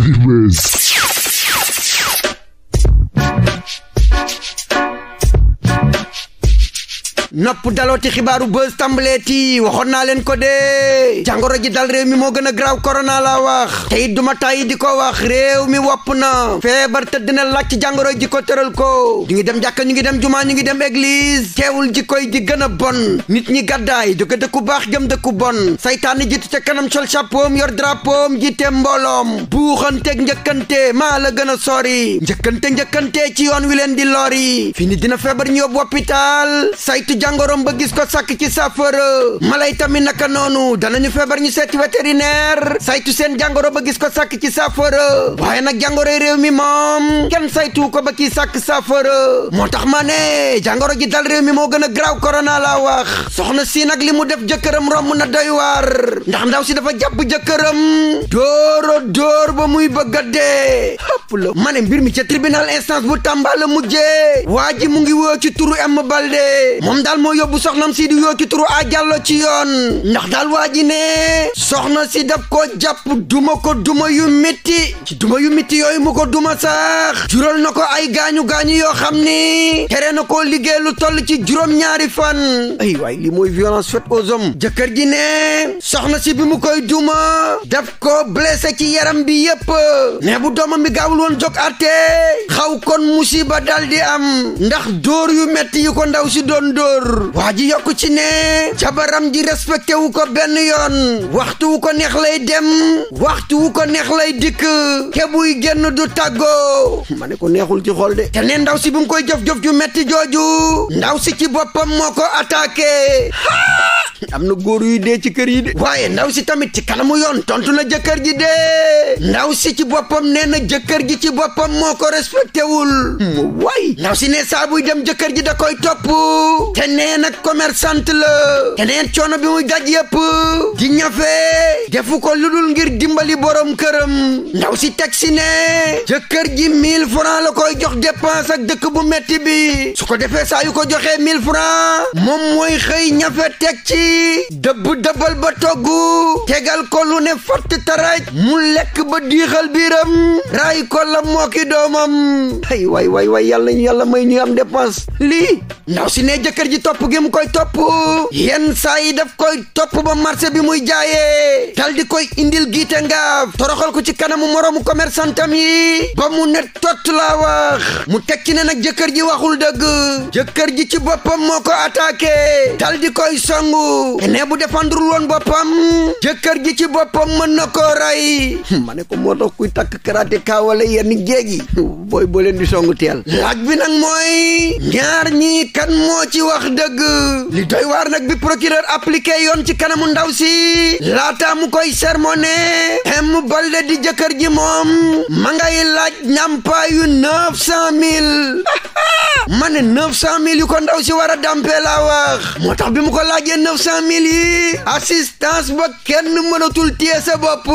Heavy Mess. nopp dalooti xibaaru buzz tàmbaleeti waxoon naa leen ko dee jàngoro ji dal réew mi moo gën a graaw korona la wax te it duma tàyyi di ko wax réew mi wopp na feebar te dina laaj ci jàngoro ji ko tëral ko ñu ngi dem jàkka ñu ngi dem jumaa ñu ngi dem église teewul ji koy di gën a bon nit ñi gàddaay jóge dëkku baax jëm dëkku bon saytaani jiitu ca kanam sol chapeau yor drapeau jiite mbooloom buuxanteeg njëkkante maa la gën a sori njëkkante njëkkante ci yoon wi leen di lori dina feebar ñu yóbbu hôpital saytu jàngoroom ba gis ko sàkk ci saafara mala yi tamit naka noonu dana ñu feebar ñu seeti vétérinaire saytu seen jàngoro ba gis ko sàkk ci saafara waaye nag jàngoroy réew mi moom kenn saytu ko ba kii sàkk saafara moo tax ma ne jàngoro ji dal réew mi moo gën a graaw korona la wax soxna si nag li mu def jëkkëram romb na doy waar ndax ndaw si dafa jàpp jëkkëram dóoro dóor ba muy bëgg a dee xëpp mbir mi ca tribunal instance bu Tamba la mujjee waa ji mu ngi woo ci daal moo yóbbu soxnam si di yoo ci turu a jàllo ci yoon ndax daal waa ji ne soxna si daf ko jàpp duma ko duma yu métti ci duma yu métti yooyu mu ko duma sax jural na ko ay gaañu-gaañu yoo xam ni tere na koo liggéey toll ci juróom-ñaari fan ay waay li mooy violence faite jëkkër ji ne soxna si bi mu koy duma daf ko blessé ci yaram bi yépp ne bu doomam bi gaawul woon jóg atte xaw kon musiba dal am ndax dóor yu metti yi ko ndaw si doon dóor waa ji yokku ci ne jabaram ji respecté wu ko benn yoon waxtu wu ko neex lay dem waxtu wu ko neex lay dikk ke buy génn du tàggoo ma ne ko neexul ci xool de te ne ndaw si bu koy jëf-jëf ju metti jooju ndaw si ci boppam moo ko attaqué am na góor yuy dee ci kër yi de waaye ndaw si tamit ci kanamu yoon tontu na jëkkër ji de ndaw si ci boppam nee na jëkkër ji ci boppam moo ko respecté wul hmm. waay ndaw si ne saa buy dem jëkkër ji da koy topp te nee nag commerçante la te neen coono bi muy daj yëpp di ñafe defu ko lu dul ngir dimbali borom këram ndaw si teg si ne jëkkër ji 1000 francs la koy jox dépense ak dëkk bu metti bi su ko defee saa yu ko joxee 1000 francs moom mooy xëy ñafe teg ci dëbb dëbbal ba togg tegal ko lu ne fatt taraj mu lekk ba diixal biiram raay ko la mooki doomam ay way way way yàlla ñu yàlla may ñuy am dépense lii ndaw si ne jëkkër ji topp gi mu koy topp yenn saa yi daf koy topp ba marché bi muy jaayee dal di koy indil giite ngaaf toroxal ko ci kanamu moroomu commerçantam yi ba mu ne tott laa wax mu tekki ne nag jëkkër ji waxul dëgg jëkkër ji ci boppam moo ko attaqué dal koy songu ne bu défendrul woon boppam jëkkër ji ci boppam mën na koo rey ma ne ko moo tax kuy takk karaté kaa wala yenn géej yi booy boo leen di songu teel laaj bi nag mooy ñaar ñii kan moo ci wax dëgg li doy waar nag bi procureur appliqué yoon ci kanamu ndaw si laataa mu koy sermoné M Balde di jëkkër ji moom ma ngay laaj ñampaayu neuf yu ko ndaw si war a dàmpee laa wax moo tax bi mu ko laajee cent mille yi assistance ba kenn mënatul téye sa bopp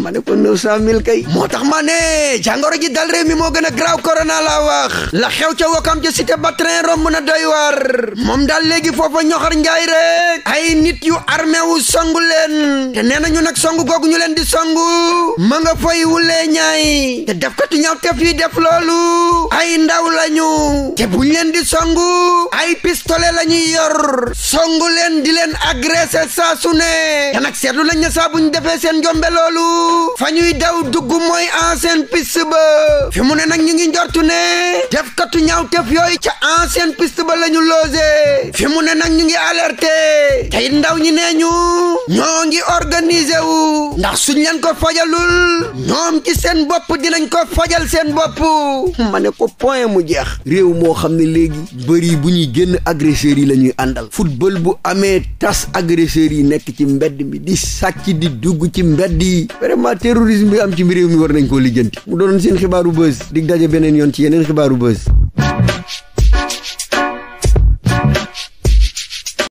ma ne ko neuf kay moo tax ma ne jàngoro ji dal réew moo gën a graaw corona laa wax la xew ca Wakaam ca cité ba train romb na doy war moom daal léegi foofa ñoxar njaay rek ay nit yu armé wu songu leen nee na nag songu googu ñu leen di songu ma nga fay wulee ñaay te def katu ñaaw te fii def loolu ay ndaw lañu te buñ leen di songu ay pistolet lañuy yor songu leen di leen agressé saa su ne te nag seetlu nañ ne saa buñ defee seen njombe loolu fa ñuy daw dugg mooy ancienne piste ba fi mu ne nag ñu ngi njortu ne def ñaawkatu ñaawtef yooyu ca ancienne piste ba la ñu loosee fi mu ne nag ñu ngi alerter te it ndaw ñi nee ñu ñoo ngi organiser wu ndax suñ leen ko fajalul ñoom ci seen bopp dinañ ko fajal seen bopp ma ne ko point mu jeex réew moo xam ne léegi bëri bu ñuy génn agresseurs yi la ñuy àndal football bu amee tas agresseurs yi nekk ci mbedd mi di sàcc di dugg ci mbedd yi vraiment terrorisme bi am ci réew mi war nañ koo lijjanti mu doonoon seen xibaaru buzz dig beneen yoon ci yeneen xibaaru buzz